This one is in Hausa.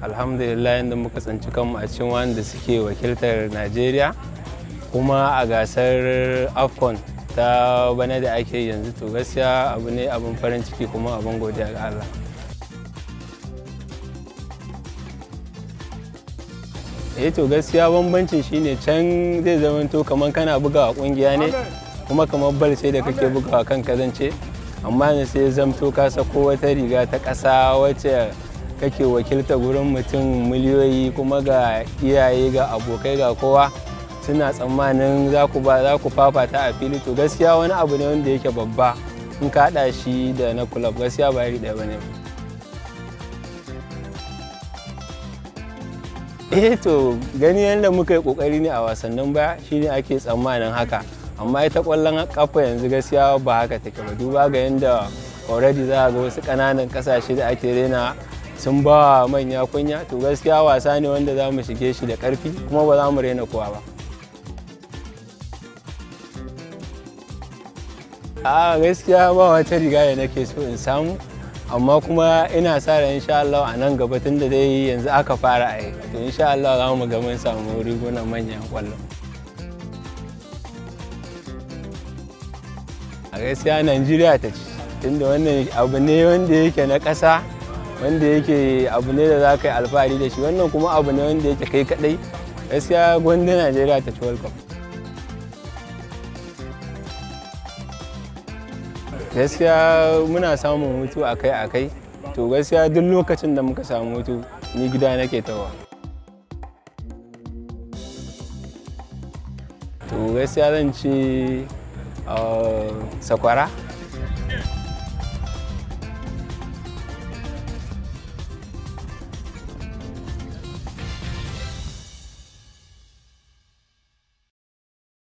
alhamdulillah yadda muka tsanci kanmu a cikin wanda suke wakiltar najeriya kuma a gasar afcon ta bana da ake yanzu to gaskiya abu ne abin farin ciki kuma abin godiya ga allah eh to gaskiya bambancin shine can zai zama to kamar kana bugawa kungiya ne kuma kamar bal sai da kake bugawa kan kazance amma ne sai zamto ka sako wata riga ta ƙasa wacce kake wakilta gurin mutum miliyoyi kuma ga iyaye ga abokai ga kowa suna tsammanin za ku fafata a fili to gaskiya wani abu ne wanda yake babba in kaɗa shi da na kulab gaskiya ba yi ɗaya bane eh to gani yadda muka yi kokari ne a wasannin baya shine ake tsammanin haka amma ita kwallon kafa yanzu gaskiya ba haka take ba duba ga yanda already za a ga wasu ƙananan ƙasashe da ake rena sun ba manya kunya to gaskiya wasa ne wanda za mu shige shi da karfi kuma ba za mu raina kowa ba a gaskiya ba wata riga da nake so in samu amma kuma ina sa da insha Allah a nan gaba tunda dai yanzu aka fara a yi to insha Allah za mu ga mun samu rigunan manyan kwallo a gaskiya Najeriya ta ci tunda wannan abu ne wanda yake na ƙasa wanda yake abu ne da za ka yi alfahari da shi wannan kuma abu ne wanda yake kai kadai gaskiya gwanda najeriya ta ci world gaskiya muna samun hutu akai akai to gaskiya duk lokacin da muka samu hutu ni gida nake tawa to gaskiya zan ci ah, sakwara